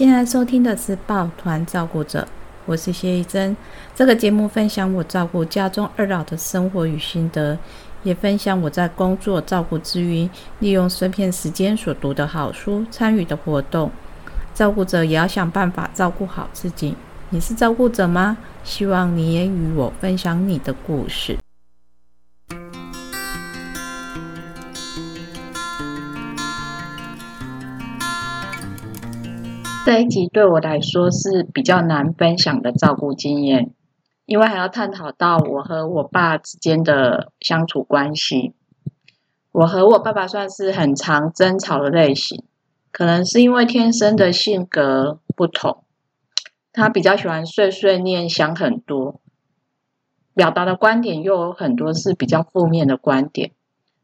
現在收聽的是《抱團照顧者》，我是謝一珍。這個節目分享我照顧家中二老的生活與心得，也分享我在工作照顧之餘，利用碎片時間所讀的好書、參與的活動。照顧者也要想辦法照顧好自己。你是照顧者嗎？希望你也與我分享你的故事。這一集對我來說是比較難分享的照顧經驗，因為還要探討到我和我爸之間的相處關係。我和我爸爸算是很常爭吵的類型，可能是因為天生的性格不同。他比較喜歡碎碎念，想很多，表達的觀點又有很多是比較負面的觀點。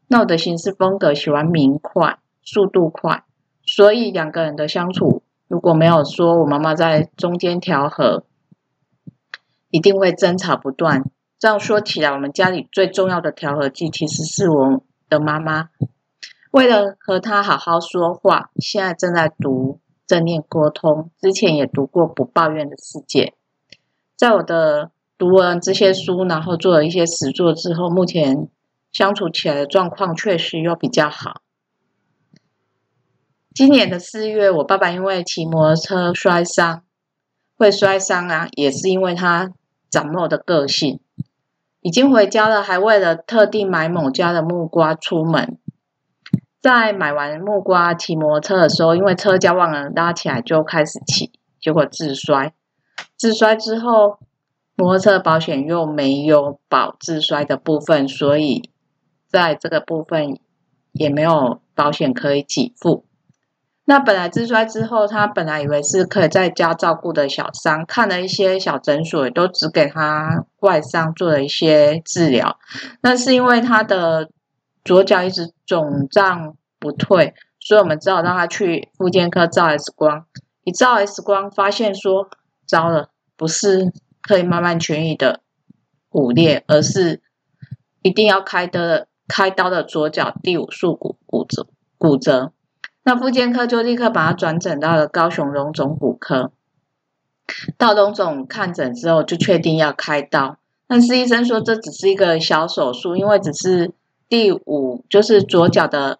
那我的行事風格喜歡明快，速度快，所以兩個人的相處。如果沒有說，我媽媽在中間調和，一定會爭吵不斷。這樣說起來，我們家裡最重要的調和劑，其實是我的媽媽。為了和她好好說話，現在正在讀《正念溝通》，之前也讀過《不抱怨的世界》。在我的讀完這些書，然後做了一些實作之後，目前相處起來的狀況確實又比較好。今年的四月，我爸爸因為騎摩托車摔傷，會摔傷啊，也是因為他龜毛的個性。已經回家了，還為了特地買某家的木瓜出門。在買完木瓜騎摩托車的時候，因為車架忘了拉起來就開始騎，結果自摔。自摔之後，摩托車保險又沒有保自摔的部分，所以在這個部分也沒有保險可以給付。那本來摔出來之後，他本來以為是可以在家照顧的小傷，看了一些小診所，也都只給他外傷做了一些治療。那是因為他的左腳一直腫脹不退，所以我們只好讓他去復健科照 X 光。一照 X 光，發現說，糟了，不是可以慢慢痊癒的骨裂，而是一定要開的開刀的左腳第五蹠骨骨折骨折。骨折。那復健科就立刻把他轉診到了高雄榮總骨科，到榮總看診之後，就確定要開刀。但是醫生說，這只是一個小手術，因為只是第五，就是左腳的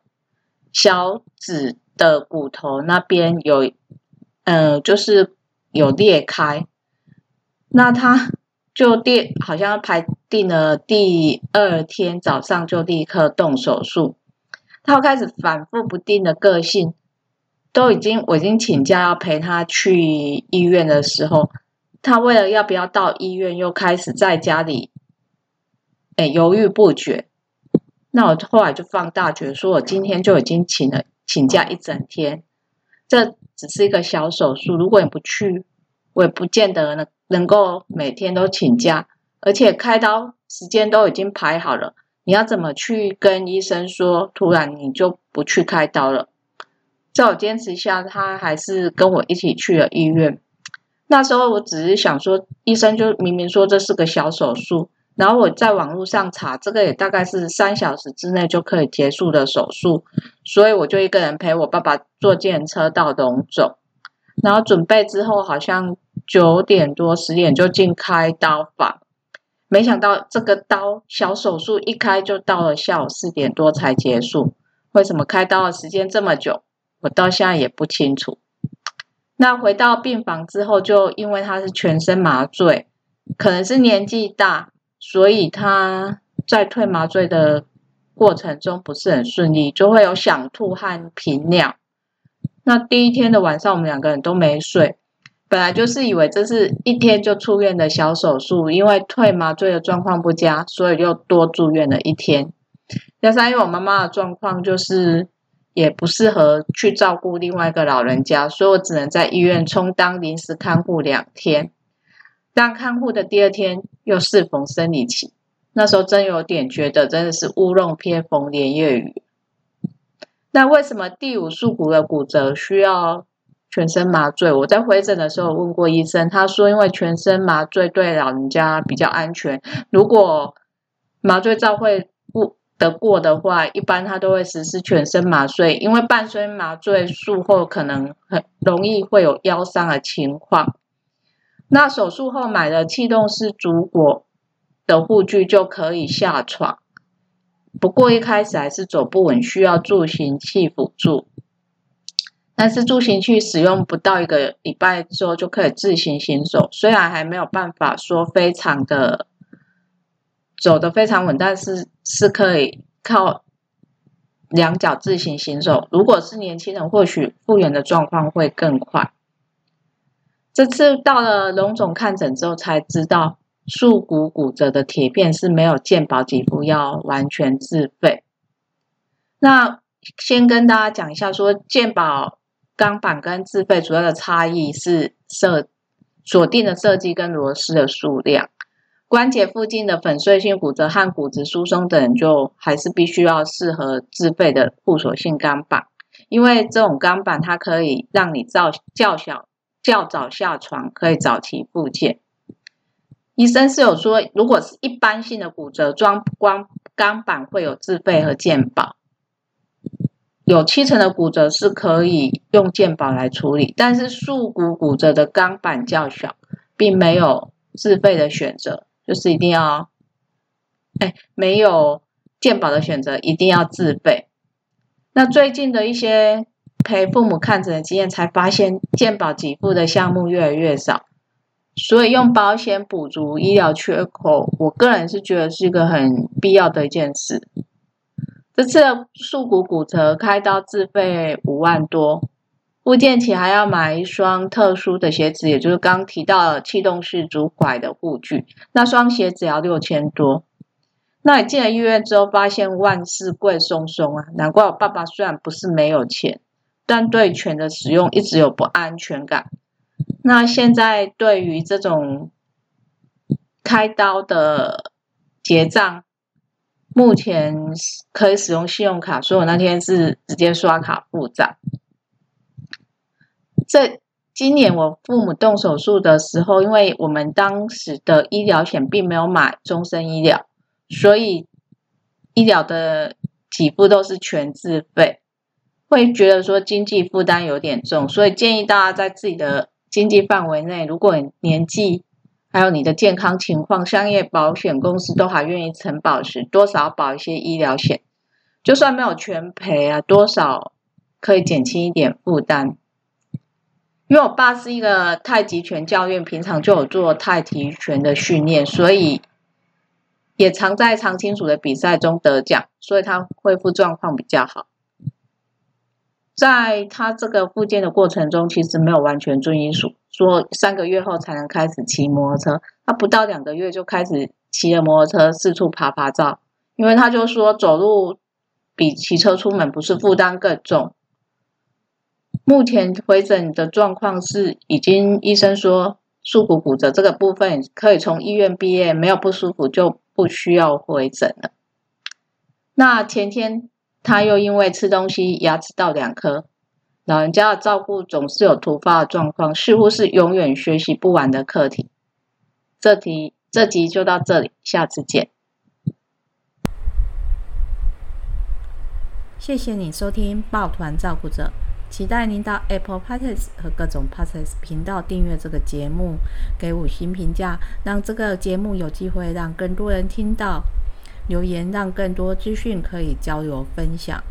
小指的骨頭那邊有，嗯、呃，就是有裂開。那他就第好像排定了第二天早上就立刻動手術。他開始反復不定的個性，都已經，我已經請假要陪他去醫院的時候，他為了要不要到醫院，又開始在家裡，哎、欸，猶豫不決。那我後來就放大絕，覺得說我今天就已經請了請假一整天，這只是一個小手術。如果你不去，我也不見得能能夠每天都請假，而且開刀時間都已經排好了。你要怎麼去跟醫生說？突然你就不去開刀了？在我堅持下，他還是跟我一起去了醫院。那時候我只是想說，醫生就明明說這是個小手術，然後我在網絡上查，這個也大概是三小時之內就可以結束的手術，所以我就一個人陪我爸爸坐電車到榮總，然後準備之後好像九點多十點就進開刀房。沒想到這個刀小手術一開就到了下午四點多才結束。為什麼開刀的時間這麼久？我到現在也不清楚。那回到病房之後，就因為他是全身麻醉，可能是年紀大，所以他在退麻醉的過程中不是很順利，就會有想吐和頻尿。那第一天的晚上，我們兩個人都沒睡。本來就是以為這是一天就出院的小手術，因為退麻醉的狀況不佳，所以又多住院了一天。加上因為我媽媽的狀況就是也不適合去照顧另外一個老人家，所以我只能在醫院充當臨時看護兩天。但看護的第二天又適逢生理期，那時候真有點覺得真的是屋漏偏逢連夜雨。那為什麼第五蹠骨的骨折需要全身麻醉，我在回診的時候問過醫生，他說因為全身麻醉對老人家比較安全，如果麻醉照會過得過的話，一般他都會實施全身麻醉，因為半身麻醉術後可能很容易會有腰傷的情況。那手術後買的氣動式足踝的護具就可以下床，不過一開始還是走不穩，需要助行器輔助。但是助行器使用不到一個禮拜之後就可以自行行走，雖然還沒有辦法說非常的走得非常穩，但是是可以靠兩腳自行行走。如果是年輕人，或許復原的狀況會更快。這次到了龍總看診之後才知道，蹠骨骨折的鐵片是沒有健保給付，要完全自費。那先跟大家講一下，說健保。鋼板跟自費主要的差異是設鎖定的設計跟螺絲的數量。關節附近的粉碎性骨折和骨質疏鬆等，就還是必須要適合自費的固鎖性鋼板，因為這種鋼板它可以讓你早較小較早，早下床，可以早期復健。醫生是有說，如果是一般性的骨折，裝光鋼板會有自費和健保。有七成的骨折是可以用健保來處理，但是蹠骨骨折的鋼板較小，並沒有自費的選擇，就是一定要，哎，沒有健保的選擇，一定要自費。那最近的一些陪父母看診的經驗，才發現健保給付的項目越來越少，所以用保險補足醫療缺口，我個人是覺得是一個很必要的一件事。這次蹠骨骨折開刀自費五萬多，復健前還要買一雙特殊的鞋子，也就是剛提到的氣動式足踝的護具，那雙鞋只要六千多。那你進了醫院之後，發現萬事貴鬆鬆啊，難怪我爸爸雖然不是沒有錢，但對錢的使用一直有不安全感。那現在對於這種開刀的結賬。目前可以使用信用卡，所以我那天是直接刷卡付賬。在今年我父母動手術的時候，因為我們當時的醫療險並沒有買終身醫療，所以醫療的幾乎都是全自費，會覺得說經濟負擔有點重，所以建議大家在自己的經濟範圍內，如果你年紀。還有你的健康情況，商業保險公司都還願意承保時，多少要保一些醫療險，就算沒有全賠啊，多少可以減輕一點負擔。因為我爸是一個太極拳教練，平常就有做太極拳的訓練，所以也常在常青樹的比賽中得獎，所以他恢復狀況比較好。在他這個復健的過程中，其實沒有完全遵醫囑。說三個月後才能開始騎摩托車，他不到兩個月就開始騎着摩托車四處爬爬照，因為他就說，走路比騎車出門不是負擔更重。目前回診的狀況是，已經醫生說，鎖骨骨折這個部分可以從醫院畢業，沒有不舒服就不需要回診了。那前天他又因為吃東西牙齒掉兩顆。老人家的照顧總是有突發的狀況，似乎是永遠學習不完的課題。這題這集就到這裡，下次見。謝謝你收聽《抱團照顧者》，期待您到 Apple Podcasts 和各種 Podcast 頻道訂閱這個節目，給五星評價，讓這個節目有機會讓更多人聽到，留言讓更多資訊可以交流分享。